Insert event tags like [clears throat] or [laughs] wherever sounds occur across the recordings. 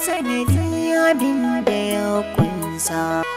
sanadi abin da ya kunsa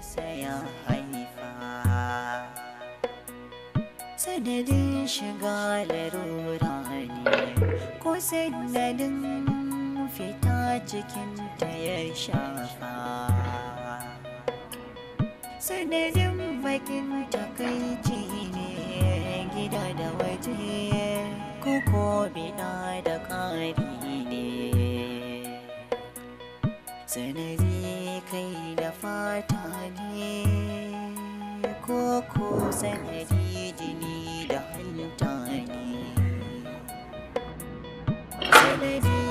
say I uh, sanadin shiga larura ne ko sanadin fita cikin ta ya shafa sanadin bakin takaici ne gida da waje ko bina da ƙari ne sanadi kai da fata ne ko sanadi lady.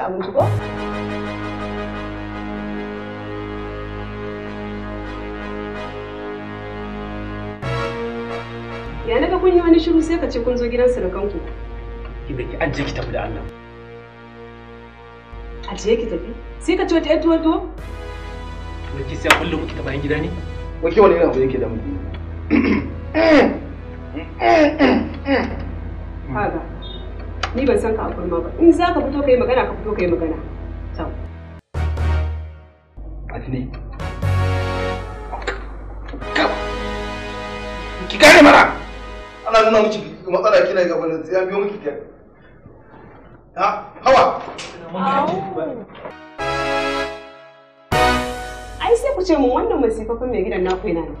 ci abinci ko? Ya kun yi wani shiru sai ka ce kun zo gidan surukanku. Ki da ki ki tafi da Allah. Ajiye ki tafi? Sai ka ce wata ƴar tuwo-tuwo? Wai ki sai kullum ki ta bayan gida ne? Wai ki wani irin abu yake da mu? kurma ba in za ka fito ka yi magana kina ga wani ha hawa ai sai ku ce mun wannan masifafin mai gidan naku yana nan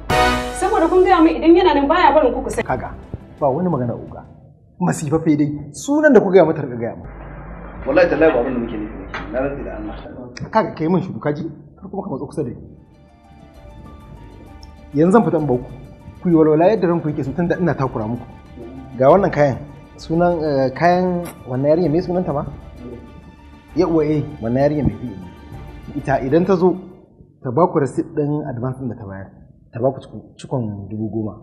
saboda kun gaya idan yana nan baya barin ku kusa kaga ba wani magana uga masifafe dai sunan da ku gaya mata gaya mu wallahi tallahi ba abin da muke nufi na rantsi da Allah kaga kai min shiru kaji kar kuma ka matso kusa da ni yanzu zan fita in bauku ku yi walwala yadda ranku yake sun tunda ina takura muku ga wannan kayan sunan eh, kayan wannan yarinya mai sunanta ma ya uwa eh wannan yarinya mai fiye ita idan ta zo ta ba ku rasit ɗin advance da ta bayar ta ba ku cikon dubu goma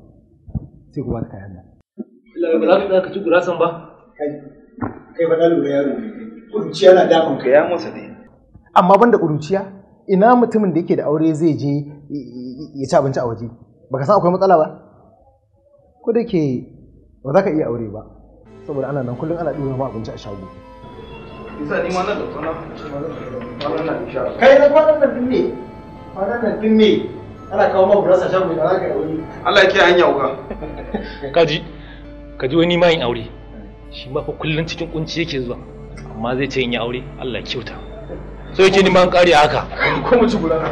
sai ku ba ta kayan nan za ka ci gurasan ba kai ba na lura yaro kuruciya na damun ka ya masa dai amma ban da kuruciya ina mutumin da yake da aure zai je ya ci abinci a waje baka san akwai matsala ba ko da ke ba za ka iya aure ba saboda ana nan kullum ana ɗora ma abinci a shago yasa ni ma nan da tsana kwanan nan insha Allah kai na kwanan nan dinne kwanan nan ne. ana kawo ma burasa shago da za ka yi aure Allah ya kiyaye hanya uka kaji ka ji wani ma yin aure hmm. shi ma fa kullun cikin kunci yake zuwa amma zai ce in yi aure Allah kyauta so yake ni ma an kare haka ko mu ci gurana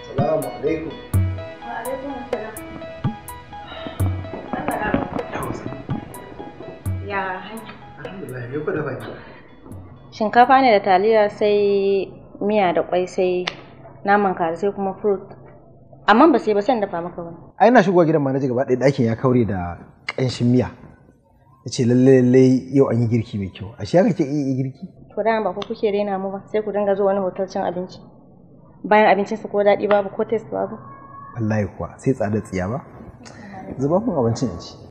Assalamu alaikum Shinkafa ne da taliya sai miya da kwai sai naman kaza sai kuma fruit amma ba sai ba sai dafa maka wani ai na shigo gidan manaji gaba ɗaya ɗakin ya kaure da ƙanshin miya ya ce lalle lalle yau an yi girki mai kyau ashe haka kake iya girki to dan ba ku kuke rena mu ba sai ku dinga zuwa wani hotel cin abinci bayan abincin su ko daɗi babu ko taste babu wallahi kuwa sai tsada tsiya ba zuba mun abincin in ci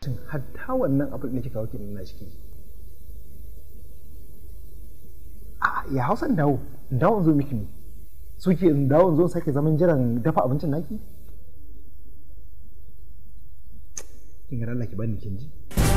tun hatta wannan abin da kika kawo kenan na ciki a ya hausa dawo da dawo zo miki ne suke in dawo in zo sake zaman jiran dafa abincin naki in ga Allah ki bani kin ji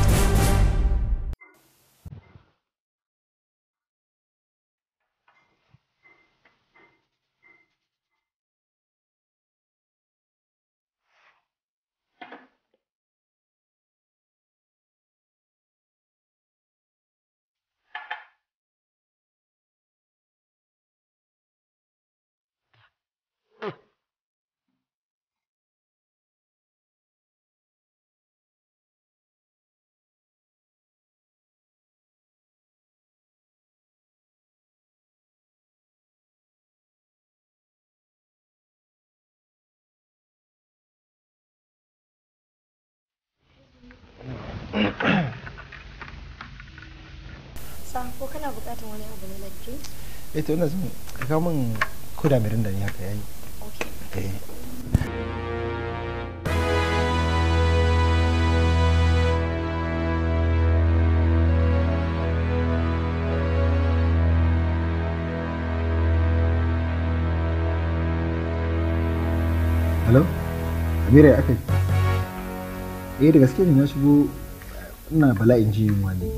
ko wani abu na eh to ina kawo min koda yayi okay eh. Hello? Amira ya aka yi? Eh da gaske ne na shigo ina bala'in ji yunwa ne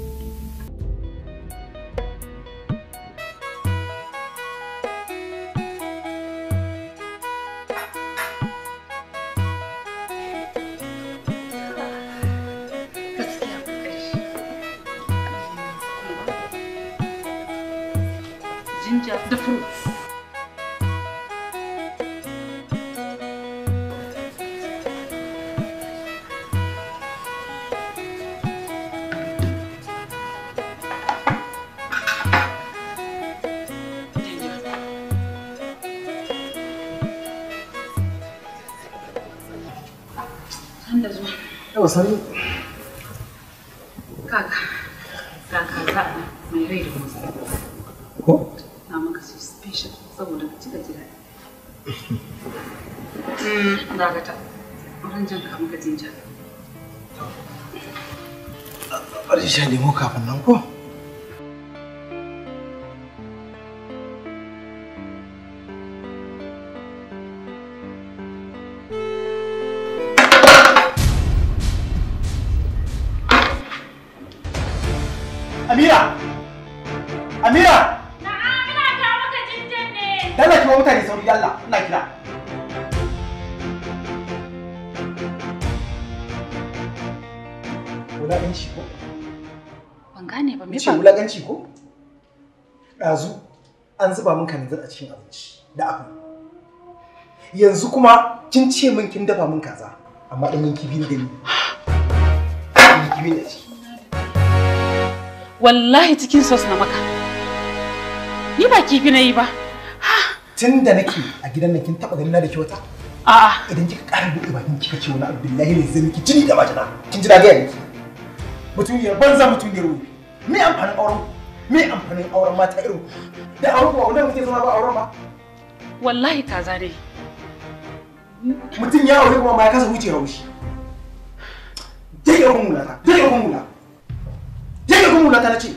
san kaka kaka za mai rai da musa ko na maka su special saboda ka cika jira hmm, dakata wurin jan ka maka jinja Bari sha lemo kafin nan ko? zuba min kananzir a cikin abinci da abu yanzu kuma kin ce min kin dafa min kaza amma ɗan kifi da ni kifi ne a wallahi cikin sos na maka ni ba kifi na yi ba tun da nake a gidan nan kin taɓa ganin na da kyauta a'a idan kika ƙara buɗe bakin kika ce wani abdullahi ne zai miki jini da majina kin ji na gaya mutum ya banza mutum ya ruwa me amfanin auren me amfanin auren mata irin da auren ba wanda muke zama ba auren ba wallahi kaza mutum ya aure kuma ma ya kasa wuce haushi dai yawan mulata dai mulata dai mulata na ce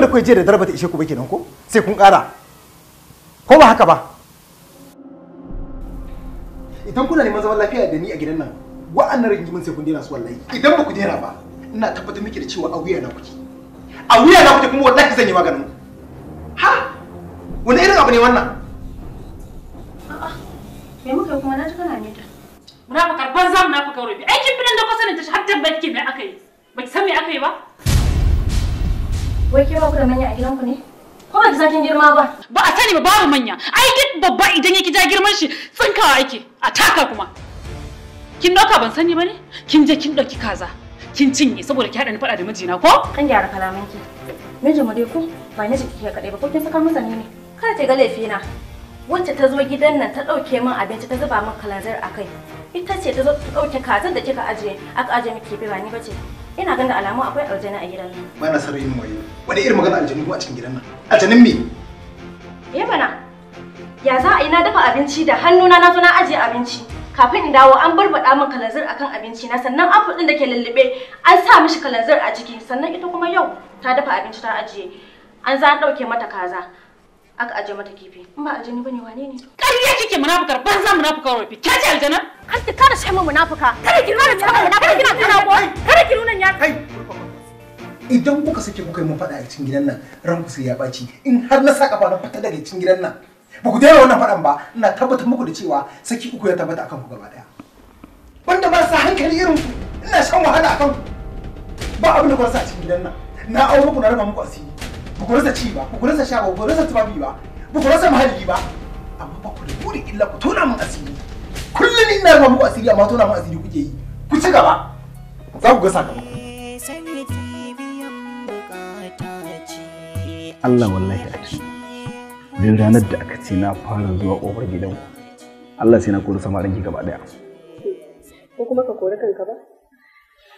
rigima da kai je da dare ta ishe ku ba kenan ko sai kun ƙara ko ba haka ba idan kuna neman zaman lafiya da ni a gidan nan wa'annan rigimin sai kun daina su wallahi idan ba ku daina ba ina tabbatar miki da cewa a na kuke a na kuke kuma wallahi zan yi maganin ku ha wani irin abu ne wannan a'a me muka kuma na ji kana ne ta mura ba karban zam na ku kaurabi aikin filin da ku sanin ta har tabbat ke me aka yi ba ki san me aka yi ba Wai ke ba ku da manya a gidanku ne? Ko ba ki san kin girma ba? Ba a sani ba babu manya. Ai duk babba idan ya ja girman shi tsinkawa ake a taka kuma. Kin ɗauka ban sani ba ne? Kin je kin ɗauki kaza. Kin cinye saboda ki haɗa ni faɗa da mijina ko? Kan gyara kalaman kalamanki. Mijin mu dai ku ba na jiki ke kaɗai ba ko kin saka masa ne? Kada ta ga laifina. Wacce ta zo gidan nan ta ɗauke min abinci ta zuba min kalanzir a kai. Ita ce ta zo ta ɗauke kazan da kika ajiye aka ajiye miki kifi ba ni ba ce. Ina ganin alamu akwai aljana a gidan nan. Bana na sarar yin Wani irin magana aljanu a cikin gidan nan? Aljanin me? Eh bana. Ya za a yi na dafa abinci da hannuna na zo na ajiye abinci. Kafin in dawo an barbaɗa min kalanzir akan abinci na sannan apple ɗin da ke lullube an sa mishi kalanzir a ciki sannan ita kuma yau ta dafa abinci ta ajiye. An za ɗauke mata kaza. aka aje mata kifi in ba aljani bane wane ne ƙarya kike munafukar banza munafukar rufi ke ce aljana kar ki kada sai mu munafuka kada ki nuna cewa munafuka kina tana ko kada ki nuna ya kai idan kuka sake kuka yi mun faɗa a cikin gidan nan ku sai ya ɓaci in har na saka kafa na fata daga cikin gidan nan ba ku daina wannan faɗan ba ina tabbatar muku da cewa saki uku ya tabbata akan ku gaba daya Banda ba sa hankali irin ku ina shan wahala akan ku ba abin da ku sa a cikin gidan nan na aure ku na raba muku asiri ba ku rasa ci ba ba ku rasa sha ba ku rasa tufafi ba ba ku rasa muhalli ba amma ba ku da buri illa ku tona mun asiri kullum ina rufa muku asiri amma tona mun asiri kuke yi ku ci gaba za ku ga sakamako Allah wallahi a ci din ranar da aka ce na fara zuwa kofar gidan Allah sai na kori samarin ki gaba daya ko kuma ka kori kanka ba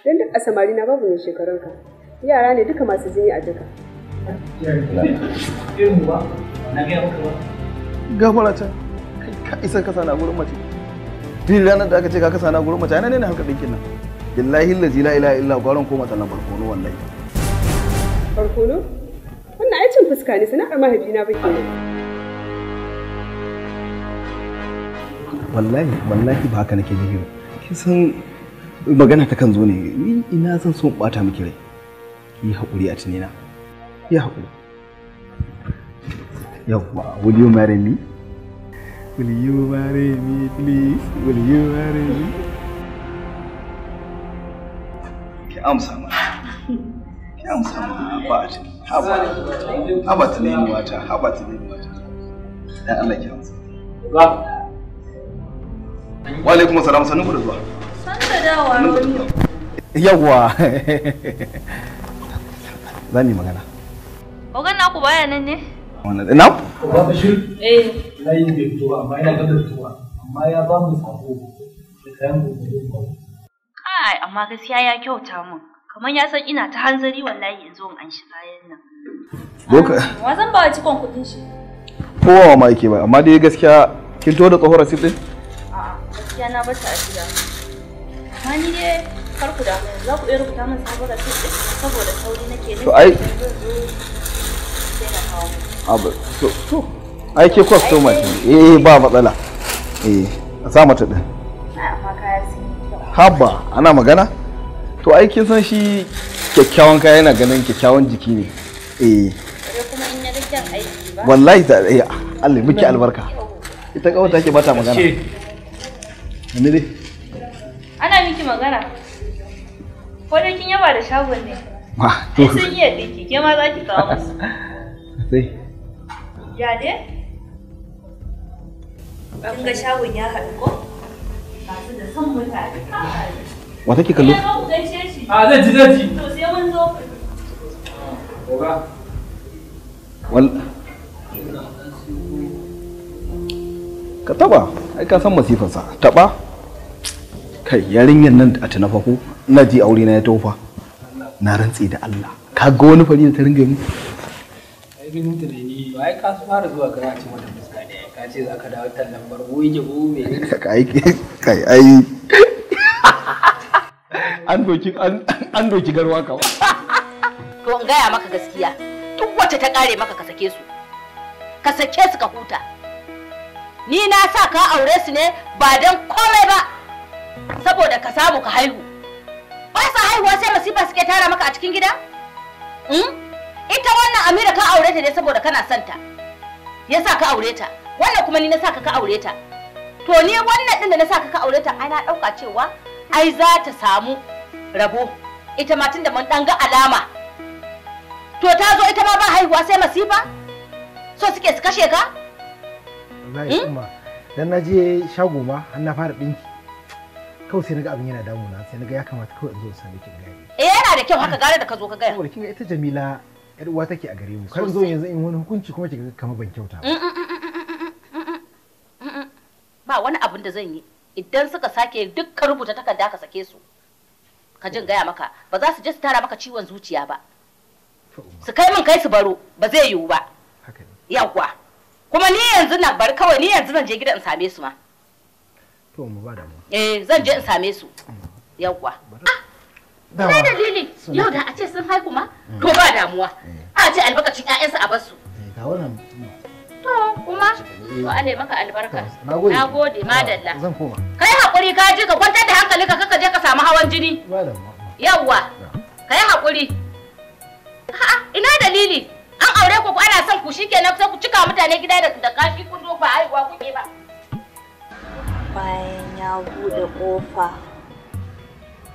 dan duk a samari na babu ne shekarunka yara ne duka masu jini a duka Irin ka isa ka sana gurin mace. Duk ranar da aka ce ka kasa gurin mace, yana ne na harkar ɗinkin nan. Billahi lazi la ilaha illa gwaron ko na barkono wallahi. Barkono? Wannan ai cin fuska ne sana'ar mahaifina ba ke Wallahi, wallahi ba haka nake nufi ba. Kin san magana ta kan zo ne, ni ina zan so in ɓata miki rai. Ki haƙuri a tunina. ya haƙuri yawwa will you marry me will you marry me please will you marry me ki amsa ma ki amsa ma haba haba haba tunayin wata haba tunayin wata dan Allah ki amsa wa alaikum assalam sanu ku da zuwa san da dawa yawwa [laughs] za mu yi magana Ogan na ku baya nan ne? Wannan ina? Ba ba shi? Eh. Na yi bai fito amma yana gaba fitowa amma ya ba mu sako da kayan Kai amma gaskiya ya kyauta mun. Kamar ya san ina ta hanzari wallahi in zo in an shiga kayan nan. Wa zan ba cikon kuɗin shi? Kowa ma yake ba amma dai gaskiya kin to da tsohon sit din? A'a gaskiya na bata a gida. Amma ni dai kar ku da za ku iya rubuta min sabon rasit din saboda sauri nake ne. To ai abu to to ai ke customer ce eh ba matsala eh a sa mata din haba ana magana to ai kin san shi kyakkyawan kaya yana ganin kyakkyawan jiki ne eh wallahi ta eh Allah miki albarka ita kawai take bata magana ne dai ana miki magana ko dai kin yaba da shagon ne ma to sai iya dinki ke ma za ki kawo musu [laughs] Sai. Ya dai? Kun ga shagon ya haɗu ko? Ba su da son mutane. Wa take kallo? Ya ba ku shi. A zai ji zai ji. To sai mun zo. Oga. Wal. Ka taba, ai ka san masifarsa. Taba. Kai yarinyar nan a tunafa ko? Na ji aure na ya tofa. Na rantse da Allah. Ka ga wani fari da ta ringa yi irin tunani ba ai ka fara zuwa kana cin wata fuska ne ka ce za ka dawo ta lambar goyi jabo me ne [laughs] ka kai ai [laughs] an doki an doki garwa ka [laughs] to in gaya maka gaskiya duk wacce ta kare maka ka sake su ka sake su ka huta ni na sa ka aure su ne ba dan komai ba saboda ka samu ka haihu ba sa haihuwa sai masifa suke tara maka a cikin gida? Hmm? ita wannan amira ka aure ta ne saboda kana son ta yasa ka aure ta wannan kuma ni na saka ka aure ta to ni wannan din da na saka ka aure ta ai na dauka cewa ai za ta samu rabo ita ma tunda mun dan ga alama to ta zo ita ma ba haihuwa sai masifa so suke su kashe ka wallahi kuma hmm? dan na je shago ma har na fara dinki kawai sai naga abin yana damuna sai naga ya kamata kawai in zo in same ki gaya eh yana da kyau haka gare da ka zo ka gaya saboda kin ga ita Jamila yar uwa take a gare mu kar zo yanzu in wani hukunci kuma kiga kamar ban kyauta ba wani abin da zan yi idan suka sake duk rubuta takarda ka sake su ka jin gaya maka ba za su je su tara maka ciwon zuciya ba su kai min kai su baro ba zai yiwu ba yawwa kuma ni yanzu na bar kawai ni yanzu zan je gida in same su ma to mu ba da mu eh zan je in same su yawwa Ina dalili yau da a ce sun haihu ma eh. to ba damuwa eh. a ce albarkacin 'ya'yansa a basu. Eh, ga wannan To kuma to ale maka albarka. Na gode madalla. Zan koma. Kai haƙuri ka ji ka kwantar da hankalinka kaka je ka samu hawan jini. Yawwa. Kai haƙuri. A'a ina dalili an aure ku ana son ku shikenan sai ku cika mutane gida da kashi kun zo ba haihuwa kuke ba. Bayan ya bude ƙofa.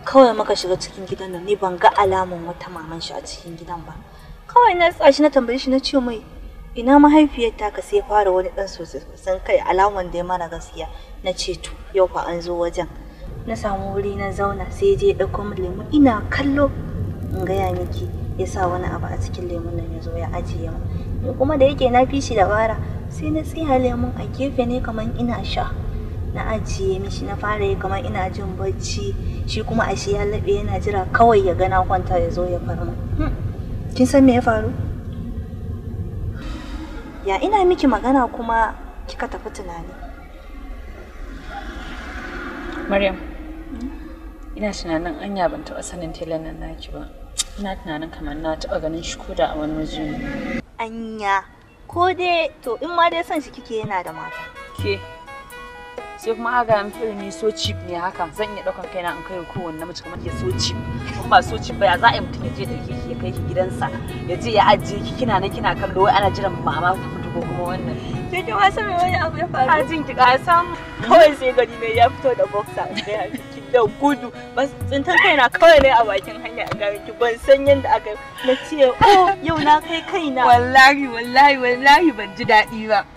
kawai maka shiga cikin gidan nan ni ban ga alamun wata maman shi a cikin gidan ba kawai na tsashi na tambaye shi na ce mai ina mahaifiyar ta ka sai fara wani dan sosai kai alaman da ya mara gaskiya na ce to yau fa an zo wajen na samu wuri na zauna sai je ɗauko min lemu ina kallo in gaya miki ya sa wani abu a cikin lemun nan ya zo ya ajiye min kuma da yake na fi shi dabara sai na tsaya lemun a gefe ne kamar ina sha na ajiye mishi na fara yi kamar ina jin bacci shi kuma ashe ya laɓe yana jira kawai ya gana kwanta ya zo ya farma hmm. kin san me ya faru ya ina miki magana kuma kika tafi tunani maryam hmm? ina tunanin anya ban taɓa sanin telan nan naki ba ina tunanin kamar na taɓa ganin shi da a wani waje anya ko dai to in ma dai son shi kike yana da mata ke sai kuma aga an fi ni so cheap ne haka zan iya daukan kaina in kai kowanne namiji kamar ya so cheap in ba so cheap ba ya za a yi mutum ya je da ki ya kai ki gidansa ya je ya ajiye ki kina nan kina kallo wai ana jiran mama ta fito ko kuma wannan ke ki ma san me wani abu ya faru a ki ka san kawai sai gari ne ya fito da boxer sai da gudu bas tsintar kaina kawai ne a bakin hanya ga ki ban san yadda aka na ce oh yau na kai kaina wallahi wallahi wallahi ban ji daɗi ba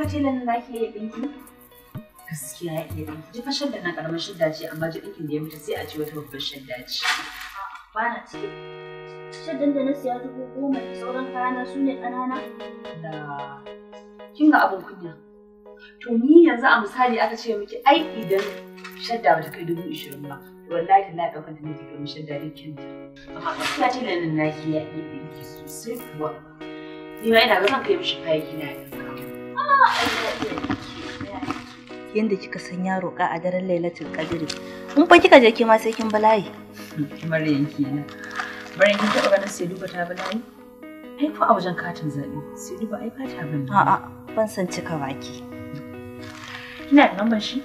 haka telan na ke yi ɗinki? Gaskiya ya iya ɗinki. Duk fashar da na ƙaramar shadda ce amma duk ɗinkin da ya mutu sai a ci wata babbar shadda ce. Ba na ce. Shaddan da na siya dubu goma sauran kayana su ne ƙanana. Da kin ga abin kunya. To ni yanzu a misali aka ce miki ai idan shadda ba ta kai dubu ishirin ba. Wallahi ta na ɗaukar ta ne ta kai shadda da kyanta. Amma gaskiya telan na ke ya iya ɗinki sosai kuwa. Ni ma ina ga zan kai mishi kayan gina ya yadda kika san yaro roƙa a daren lailatul qadri in fa kika je ki ma sai kin bala'i maryam kenan bari kin taɓa ganin sai duba ta bala'i ai ko a wajen katin zaɓe sai duba ai ba ta bane a'a ban san cika baki kina da lambar shi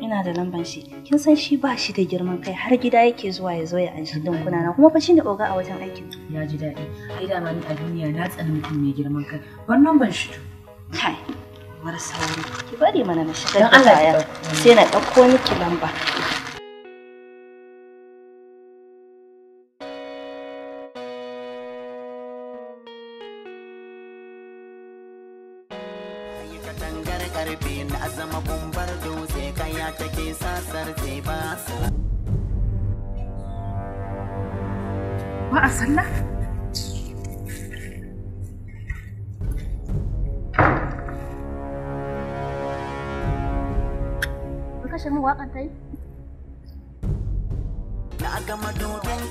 ina da lambar shi kin san shi ba shi da girman kai har gida yake zuwa ya zo ya anshi dinkuna na kuma fa shi ne oga a wajen aikin ya ji daɗi ai da ni a duniya na tsanin mutum mai girman kai ban lambar shi to Kai, mara sauri. Ki bari mana na shiga allah ya Sai na ɗauko miki lamba. Katangar na sallah? waƙar ta yi? Na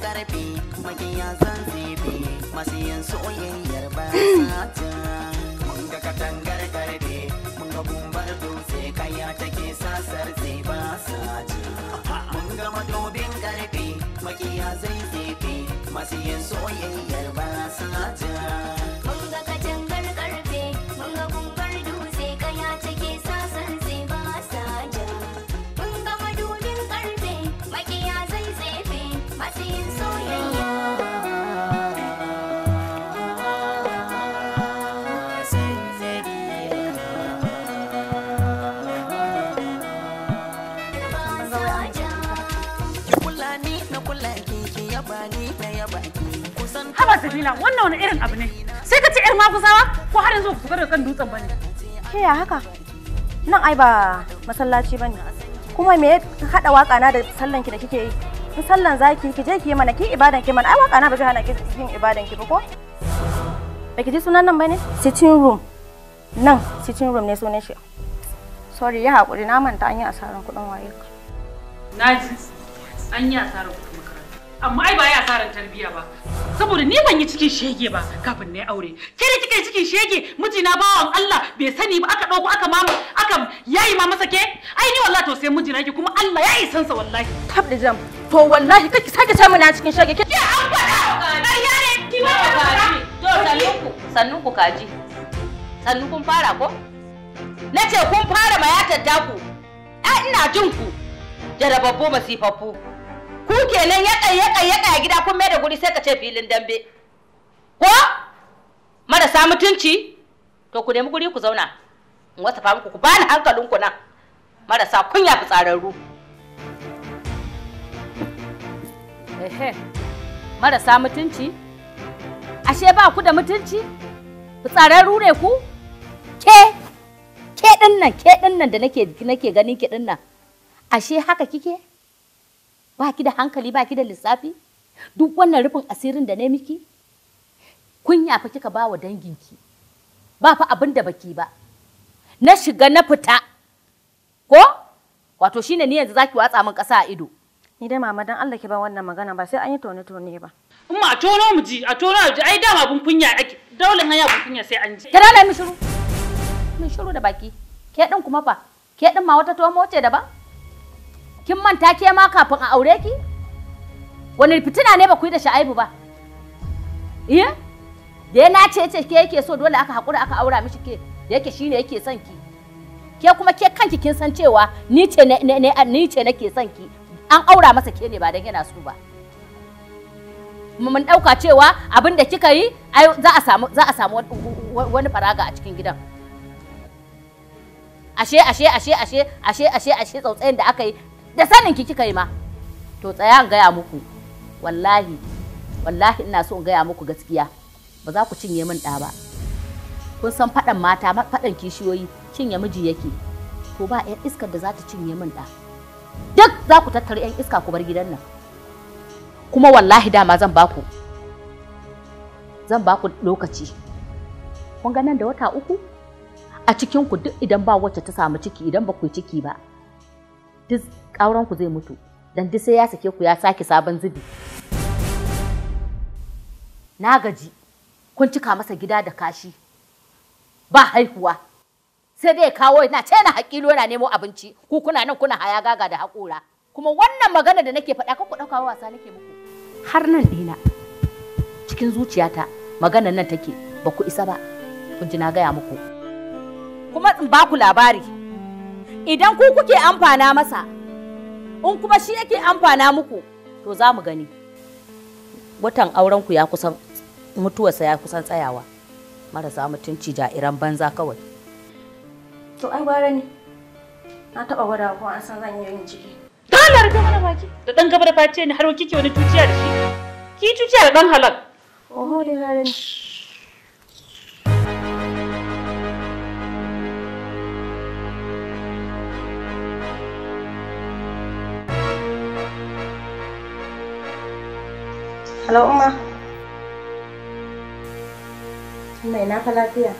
karfe magiya zan zebe masu yin soyayyar ba sata. [clears throat] Mun ga katangar karfe mun ga gumbar dutse kaya take sasar zai ba sata. Mun ga ƙarfi karfe magiya zan zebe masu yin soyayyar ba sata. Jamila wannan wani irin abu ne sai ka ci yar makusawa ko har yanzu ku daga kan dutsen bane ke ya haka nan ai ba masallaci bane kuma me hada waka na da sallan ki da kike yi in sallan zaki ki je ki yi mana ki ibadan ki mana ai waka na ba zai hana ki yin ibadan ki ba ko ba ki ji sunan nan bane sitting room nan sitting room ne sunan shi sorry ya hakuri na manta an yi asarar kuɗin waye naji an yi asarar kuɗin makaranta amma ai ba ya asaran tarbiya ba saboda ni ban yi cikin shege ba kafin na aure ke da kika yi cikin shege mijina bawan Allah bai sani ba aka dauko aka mama aka yayi ma masa ke ai ni wallahi to sai mijina ki kuma Allah ya san sa wallahi tab da jam to wallahi kake sake samu na cikin shege ke an fada na yare ki ba ka to sannuku sannuku kaji sannu kun fara ko nace kun fara mayatar ku ai ina jin ku jarababbo masifaffu ku kenan ya kai ya kai ya kai gida kun mai da guri sai ka ce filin dambe ko marasa mutunci to ku nemi guri ku zauna in wasafa muku ku bani hankalinku nan marasa kunya fitsararru ehe marasa mutunci ashe ba ku da mutunci tsararru ne ku ke ke dinnan ke dinnan da nake nake ganin ki dinnan ashe haka kike ba ki da hankali ba ki da lissafi duk wannan rufin asirin da ne miki kunya fa kika ba wa danginki ba fa abin da baki ba na shiga na fita ko wato shine ni yanzu zaki watsa min kasa a ido ni dai mama dan Allah ki ba wannan magana ba sai an yi tone tone ba amma a tono mu ji a tono ji ai dama bun kunya ake dole hanya bun kunya sai an ji kira da mi shiru mi shiru da baki ke din kuma fa ke din ma wata ce da daban kin manta ke ma kafin a aure ki wani fitina ne ba ku yi da sha'aibu ba iya da na ce ce ke yake so dole aka haƙura aka aura mishi ke da yake shine yake son ki ke kuma ke kanki kin san cewa ni ce ne ni ce nake son ki an aura masa ke ne ba dan yana so ba mun ɗauka cewa abin da kika yi za a samu za a samu wani faraga a cikin gidan ashe ashe ashe ashe ashe ashe ashe tsautsayin da aka yi da sanin ki kika yi ma to tsaya ga gaya muku wallahi wallahi ina so in gaya muku gaskiya ba za ku cinye min ɗa ba kun san faɗan mata faɗan kishiyoyi cinye miji yake to ba 'yan iskar da za ta cinye min ɗa duk za ku tattara 'yan iska ku bar gidan nan kuma wallahi dama zan ba ku. zan ba ku lokaci kun ga nan da wata uku a cikin ku duk idan ba wacce ta samu ciki idan ba ku ciki ba duk auren ku zai mutu dan duk sai ya sake ku ya sake sabon zubi na gaji kun cika masa gida da kashi ba haihuwa sai dai kawo na ce na hakilo na nemo abinci ku kuna nan kuna haya gaga da haƙura kuma wannan magana da nake faɗa ku ɗauka wasa nake muku har nan ɗina cikin zuciyata maganar nan take ba ku isa ba kun ji na gaya muku kuma in ba ku labari idan ku kuke amfana masa in kuma shi yake amfana muku to za mu gani watan auren ku ya kusan mutuwarsa ya kusan tsayawa marasa mutunci jairan banza kawai to ai gwara ne na taba gwada ko an san zan yi yin ciki ta na rufe mana baki da dan gaba da face ni har kike wani tuciya da shi ki tuciya da dan halal. oho da ne Hello, Umma. Mai na fa lafiya.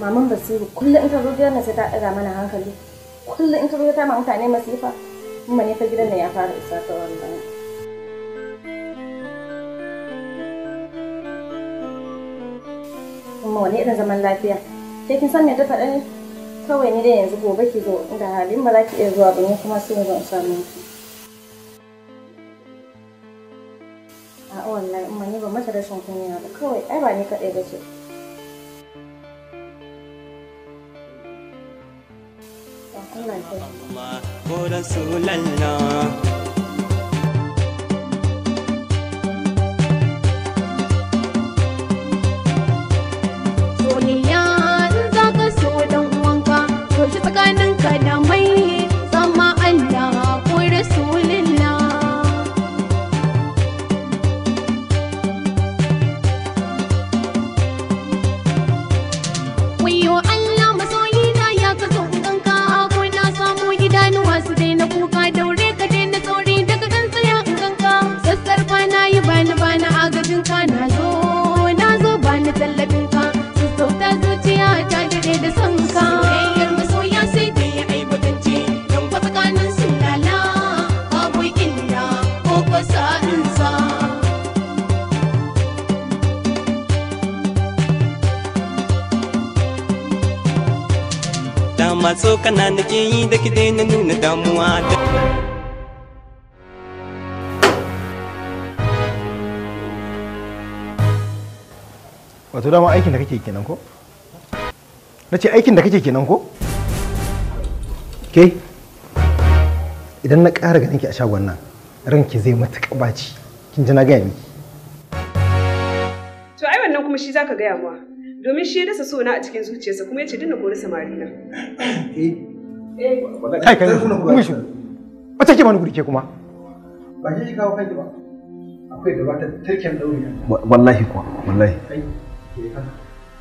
Maman Basiru kullum in zo gidan sai ta ɗaga mana hankali. Kullum in zo ta ma mutane masifa. Umma ne fa gidan ya fara isa ta wannan. wani irin zaman lafiya. Ke kin san me ta faɗa ne? Kawai ni dai yanzu gobe ki zo inda halin ba za ki iya zuwa ba ne kuma sai zo in samu kaɗai ba ce Ko yanzu dama aikin da kake kenan ko na ce aikin da kake kenan ko ke idan na ƙara ganin ki a shagon nan ranki zai matuƙa ɓaci kin ji na gaya miki to ai wannan kuma shi zaka gaya wa domin shi ya dasa sona a cikin zuciyarsa kuma ya ce dinna kori samari na eh, eh. kai kai kuma shi wata ke mani gurike kuma ba shi kawo kanki ba akwai da wata turken dauri wallahi kuwa wallahi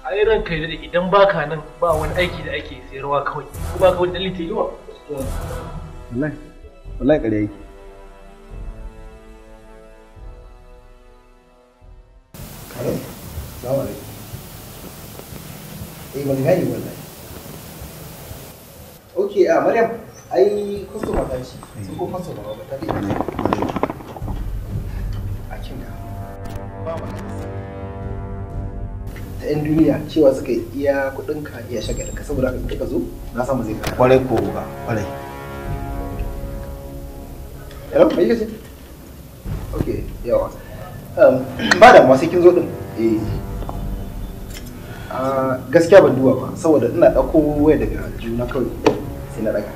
ai ranka kai da idan baka nan ba wani aiki da ake sayarwa kawai ko baka wani dalili dalilin wa wallahi wallahi kare yake kare Salamu alaikum. Eh ban gani wallahi. Okay, ah Maryam, ai customer ta ce. Eh. Sun ko fasa ba ba ta dai. a kin Akin Ba ma. ta 'yan duniya cewa suka iya kuɗin ka iya shagalin ka saboda haka ka zo na samu zai kara kwarai ko ba kwarai yau mai kace ok yawa um, [clears throat] ba da masu kin zo din eh ah, gaskiya ban duba ba saboda ina ɗauko waya daga juna kawai sai na ɗaga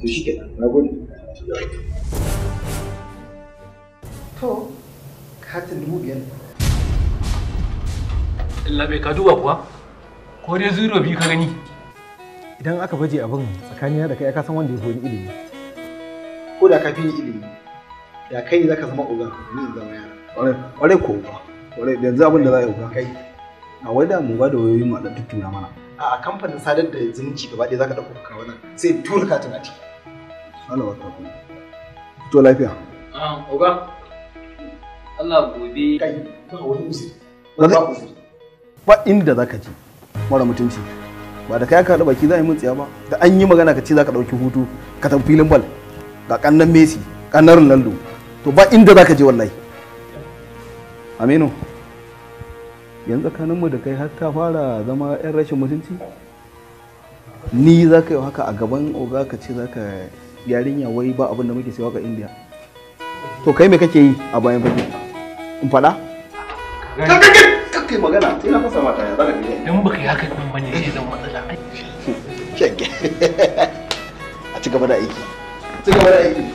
to shi kenan na gode to katin dubu biyar Labe ka duba kuwa? Ko dai zuro biyu ka gani? Idan aka baje abin tsakanina da kai ka san wanda ya koyi ilimi. Ko da ka fi ni ilimi, da kai zaka zama oga ni zan zama yara. Ƙwarai ko ba. da yanzu abin da za a yi oga. Kai. A wai da mu ba da wayoyin mu a tukuna mana. A kamfanin sadar da zumunci gaba ɗaya zaka dauko ka wannan sai tura ka a ciki. Allah wa ta'ala To lafiya. Ah, oga. Allah gobe. Kai, ba wani uzuri. Ba ku ba inda zaka ji mara mutunci ba da kai ka baki za a yi mun tsiya ba da an yi magana ka ce za ka ɗauki hutu ka tafi filin bal ga ƙannan messi ƙannan ronaldo to ba inda za ka je wallahi aminu yanzu tsakaninmu da kai har ta fara zama 'yan rashin mutunci ni za ka yi haka a gaban oga ka ce za ka yarinya wai ba abin da muke sayawa ga indiya to kai me kake yi a bayan fage in faɗa? kai magana sai na fasa mata ya zara gida idan baka yi haka kuma zan matsala a ci gaba da aiki ci gaba da aiki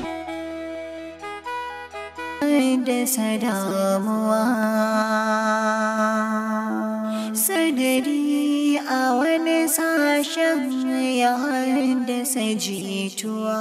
wani sashen ya haddasa jituwa